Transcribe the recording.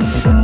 Thank you.